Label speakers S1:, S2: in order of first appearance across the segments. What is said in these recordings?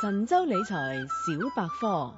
S1: 神州理財小百科。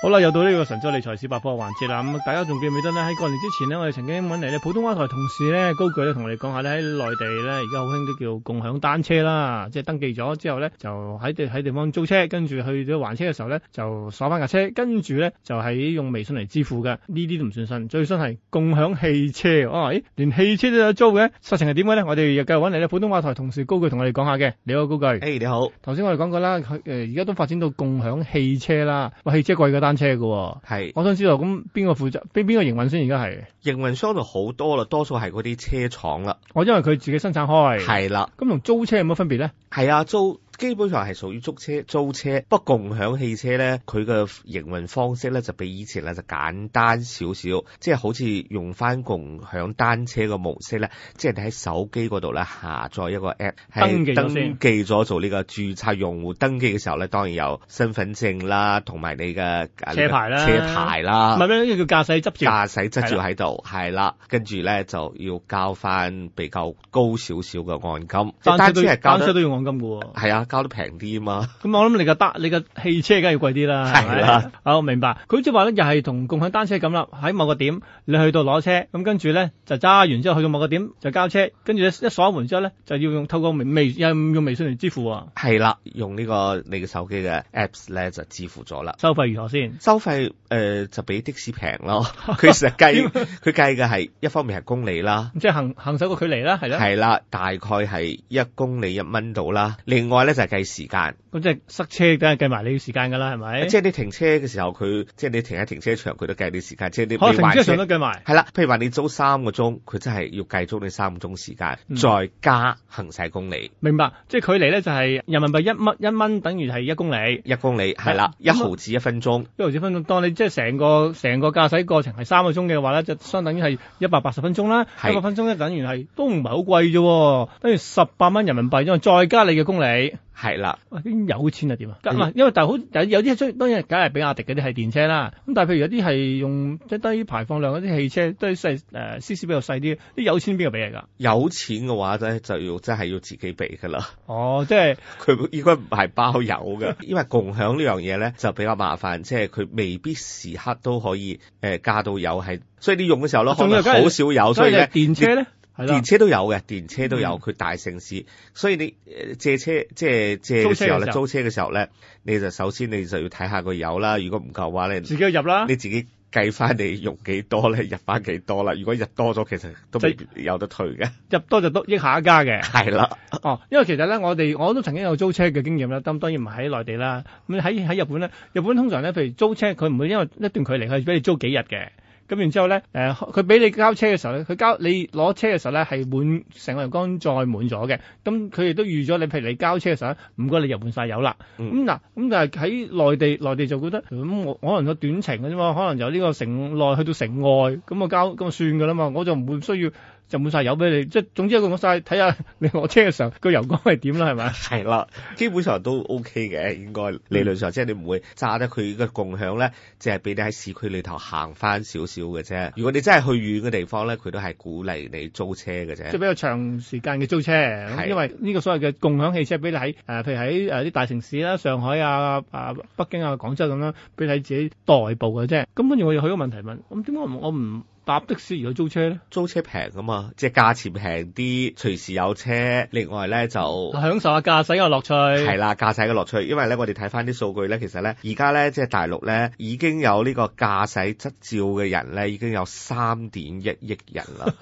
S2: 好啦，又到呢個神州理財小百科嘅環節啦。咁大家仲記唔記得咧？喺過年之前咧，我哋曾經揾嚟咧普通話台同事咧高炬咧同我哋講下咧喺內地咧而家好興都叫共享單車啦，即係登記咗之後咧就喺地喺地方租車，跟住去咗還車嘅時候咧就鎖翻架車，跟住咧就係、是、用微信嚟支付嘅。呢啲都唔算新，最新係共享汽車。哇、啊！咦，連汽車都有租嘅？實情係點嘅咧？我哋又繼續揾嚟咧普通話台同事高炬同我哋講下嘅。你好高，高炬。誒，你好。頭先我哋講過啦，佢而家都發展到共享汽車啦。哇，汽車貴單車嘅係、哦，係我想知道
S1: 咁邊個負責，邊邊個營運先？而家係營運商都好多啦，多數係嗰啲車廠啦。我因為佢自己生產開係啦，咁同了租車有乜分別咧？係啊租。基本上係屬於租車，租車不過共享汽車咧，佢嘅營運方式咧就比以前咧就簡單少少，即係好似用翻共享單車嘅模式咧，即係你喺手機嗰度咧下載一個 app，係登記咗做呢個註冊用戶。登記嘅時候咧，當然有身份證啦，同埋你嘅車，車牌啦，車牌啦，唔係咩？
S2: 呢個叫駕駛執照，駕駛執照喺
S1: 度，係啦的，跟住咧就要交翻比較高少少嘅按金。單車都係單，單車都要
S2: 按金嘅喎，
S1: 係啊。交得平啲啊嘛！
S2: 咁、嗯、我諗你個得你個汽車梗係要貴啲啦。係啦的，好明白。佢即係話咧，又係同共享單車咁啦。喺某個點，你去到攞車，咁、嗯、跟住咧就揸完之後去到某個點就交車，跟住咧一鎖門之後咧就要用透過微用微信嚟支付、啊。
S1: 係啦，用、這個、呢個你嘅手機嘅 apps 咧就支付咗啦。收費如何先？收費誒、呃、就比的士平咯。佢成日計，佢計嘅係一方面係公里啦，即係行行走嘅距
S2: 離啦，係啦係啦，
S1: 大概係一公里一蚊度啦。另外咧。就係計時間，
S2: 咁即係塞車梗係計埋你嘅時間噶啦，係咪？即係
S1: 你停車嘅時候它，佢即係你停喺停車場，佢都計你時間。即係你，可停車場都計埋。係啦，譬如話你租三個鐘，佢真係要計足你三個鐘時間，嗯、再加行駛公里。
S2: 明白，即係距離咧就係人民幣一蚊，一蚊等於係一公里，一公里係啦，是一毫子一分鐘，一毫子一分鐘。當你即係成個成個駕駛過程係三個鐘嘅話咧，就相等於係一百八十分鐘啦，一百是分鐘咧等於係都唔係好貴啫，等於十八蚊人民幣啫，再加你嘅公里。係啦，油錢又點啊？唔係、嗯，因為但係好有有啲，雖然當然梗係比亞迪嗰啲係電車啦。咁但係譬如有啲係用即係低排放量嗰啲汽車，都細誒、呃、C C 比較細啲。油錢邊個俾你㗎？
S1: 有錢嘅話咧，就要真係要自己俾㗎啦。哦，即係佢應該唔係包油嘅， 因為共享這件事呢樣嘢咧就比較麻煩，即係佢未必時刻都可以誒、呃、加到油係，所以你用嘅時候咯，好、啊、少油，所以呢電車咧。電車都有嘅，電車都有，佢、嗯、大城市，所以你借車，即係借嘅時候咧，租車嘅時候咧，你就首先你就要睇下個油啦。如果唔夠嘅話咧，自己就入啦，你自己計翻你用幾多咧，入翻幾多啦。如果入多咗，其實都未必有，就有得退嘅。入多就都益下一家嘅，係啦的。哦，
S2: 因為其實咧，我哋我都曾經有租車嘅經驗啦。咁當然唔係喺內地啦。咁喺喺日本咧，日本通常咧，譬如租車佢唔會因為一段距離，佢俾你租幾日嘅。咁然之後咧，佢、呃、俾你交車嘅時候咧，佢交你攞車嘅時候咧，係滿成個人缸載滿咗嘅，咁佢亦都預咗你，譬如你交車嘅時候唔該你又滿晒油啦。咁嗱、嗯，咁但係喺內地，內地就覺得咁可能個短程嘅啫嘛，可能由呢個城內去到城外，咁啊交咁就算㗎啦嘛，我就唔會需要。就冇晒油俾你，即係
S1: 總之一個晒。睇下你落車嘅時候個油缸係點啦，係咪？係啦，基本上都 OK 嘅，應該理論上、嗯、即係你唔會炸得佢個共享咧，即係俾你喺市區裏頭行翻少少嘅啫。如果你真係去遠嘅地方咧，佢都係鼓勵你租車嘅啫。即係比較
S2: 長時間嘅租車，的因為呢個所謂嘅共享汽車俾你喺誒，譬如喺啲大城市啦，上海啊、啊北京啊、廣州咁樣俾你自己代步嘅啫。咁跟住我有好多
S1: 問題問，咁點解我唔？搭的士而家租車咧，租車平噶嘛，即係價錢平啲，隨時有車。另外咧就
S2: 享受下駕駛嘅
S1: 樂趣。係啦，駕駛嘅樂趣。因為咧，我哋睇翻啲數據咧，其實咧，而家咧即係大陸咧已經有呢個駕駛執照嘅人咧，已經有三點一億人啦，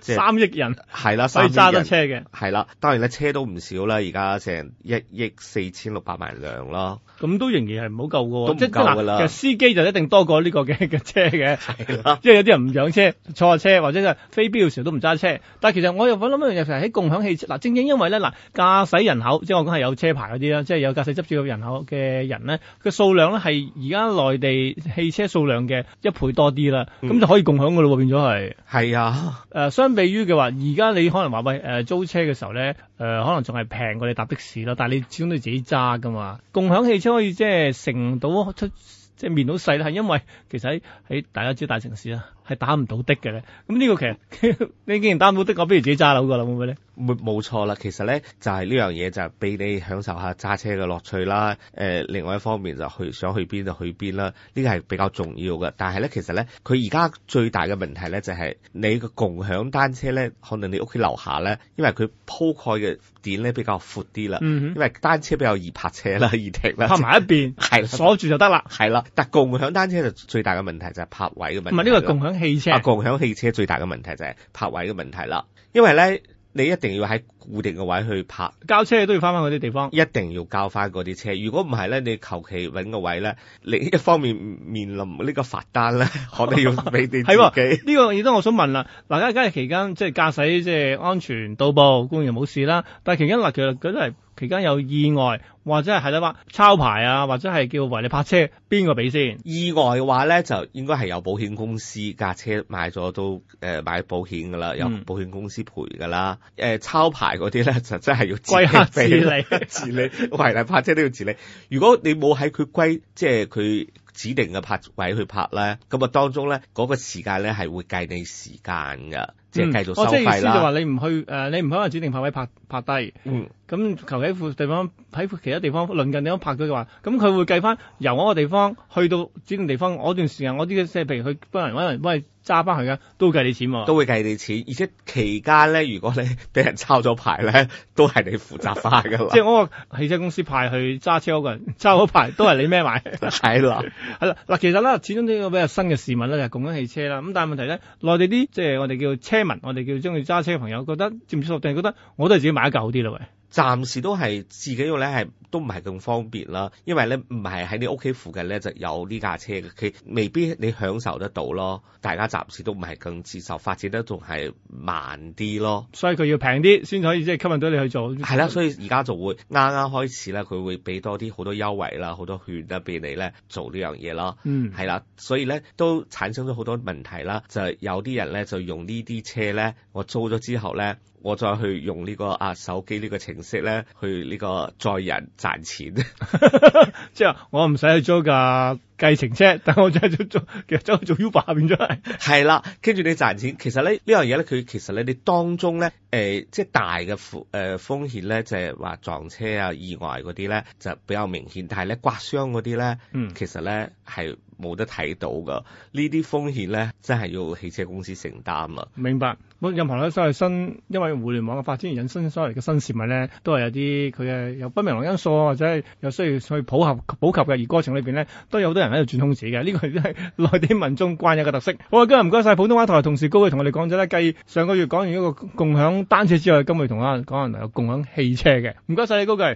S1: 即三億人。係啦了，所以揸得車嘅。係啦，當然咧車都唔少啦，而家成一億四千六百萬輛咯。
S2: 咁都仍然係唔好夠噶喎，都唔夠噶啦。其實司機就一定多過呢個嘅嘅車嘅，即係了 有啲人唔想。車坐下車或者係飛機嘅時候都唔揸車，但係其實我又諗一樣嘢，就係喺共享汽車嗱，正正因為咧嗱，駕駛人口即係我講係有車牌嗰啲啦，即係有駕駛執照嘅人口嘅人咧，個數量咧係而家內地汽車數量嘅一倍多啲啦，咁、嗯、就可以共享噶咯喎，變咗係係啊，誒、呃，相比於嘅話，而家你可能話喂誒，租車嘅時候咧誒、呃，可能仲係平過你搭的士咯，但係你始終都要自己揸噶嘛，共享汽車可以即係成到出即係面到細啦，係因為其實喺喺大家知道大城市啦。打唔到的嘅，
S1: 咁呢個其實呵呵你既然打唔到的，我不如自己揸樓噶啦，會唔會咧？冇錯啦，其實咧就係呢樣嘢就係俾你享受下揸車嘅樂趣啦。誒、呃，另外一方面就去想去邊就去邊啦，呢、這個係比較重要嘅。但係咧，其實咧佢而家最大嘅問題咧就係、是、你個共享單車咧，可能你屋企樓下咧，因為佢鋪蓋嘅點咧比較闊啲啦，嗯、哼因為單車比較易泊車啦，易停啦，泊埋一邊，係 了鎖住就得啦，係啦。但共享單車就最大嘅問題就係泊位嘅問題。係、這、呢個共享。汽車啊、共享汽車最大嘅問題就係泊位嘅問題啦，因為咧你一定要喺固定嘅位去泊，交車都要翻翻嗰啲地方，一定要交翻嗰啲車。如果唔係咧，你求其揾個位咧，你一方面面臨呢個罰單咧， 我哋要俾你自己、 啊呢個亦都我想問啦，嗱，而家梗係期間即係駕駛即係安
S2: 全到步，固然冇事啦，但係期間嗱其實佢都係。而家有意外或者係啦，話
S1: 抄牌啊，或者係叫為你泊車，邊個俾先？意外嘅話咧，就應該係有保險公司架車買咗都誒、呃、買保險噶啦，有保險公司賠噶啦。誒、嗯呃、抄牌嗰啲咧，就真係要歸客自理，自理係啦，理 為你泊車都要自理。如果你冇喺佢歸，即係佢。指定嘅拍位去拍咧，咁啊當中咧、嗰個時間咧係會計你時間嘅，即係繼續收費啦。哦、嗯，即係意思就話、
S2: 是、你唔去誒、呃，你唔喺個指定拍位拍拍低，嗯，咁求其喺副地方喺其他地方鄰近地方拍咗嘅話咁佢會計翻由嗰個地方去到指定地方，嗰段時間嗰啲嘅即係譬如
S1: 去幫人揾人喂。揸翻去嘅都計你錢，都會計，你錢，都會計你錢，而且期間咧，如果你俾人抄咗牌咧，都係你負責翻噶啦。 即係嗰個汽車公司派去揸車
S2: 嗰個人抄咗牌，都係你孭埋？係啦 了，係啦。嗱，其實咧，始終呢個比較新嘅事物咧，就共享汽車啦。咁但係問題咧，內地啲即係我哋叫車民，我哋叫中意揸車嘅朋友，覺得接
S1: 唔接受定係覺得我都係自己買一架好啲啦喂。暫時都係自己用咧，係都唔係咁方便啦。因為咧，唔係喺你屋企附近咧就有呢架車嘅，佢未必你享受得到咯。大家暫時都唔係咁接受，發展得仲係慢啲咯。所以佢
S2: 要平啲先可以即係吸引到你去做。係啦、嗯，所
S1: 以而家就會啱啱開始咧，佢會俾多啲好多優惠啦，好多券，得俾你咧做呢樣嘢咯。嗯，係啦，所以咧都產生咗好多問題啦。就係有啲人咧就用呢啲車咧，我租咗之後咧。我再去用呢個啊手機呢個程式咧，去呢個載人賺錢，即係我唔使去租噶。計程車，等我真係做做，其實走去做 Uber 變咗係係啦，跟住 你賺錢，其實咧呢樣嘢咧，佢、這個、其實咧你當中咧誒，即係大嘅誒風險咧，就係、是、話、呃就是、撞車啊、意外嗰啲咧就比較明顯，但係咧刮傷嗰啲咧，嗯，其實咧係冇得睇到噶，險呢啲風險咧真係要汽車公司承擔啊。明白，
S2: 咁任何咧所謂新，因為互聯網嘅發展而引申所謂嘅新事物咧，都係有啲佢嘅有不明朗因素，或者係有需要去普及普及嘅，而過程裏邊咧都有好多人。喺度轉空子嘅，呢、這個真係內地民眾慣有嘅特色。好啊，今日唔該晒普通話台同事高炬同我哋講咗咧，繼上個月講完一個共享單車之後，今日同我講下共享汽車嘅。唔該晒你高炬。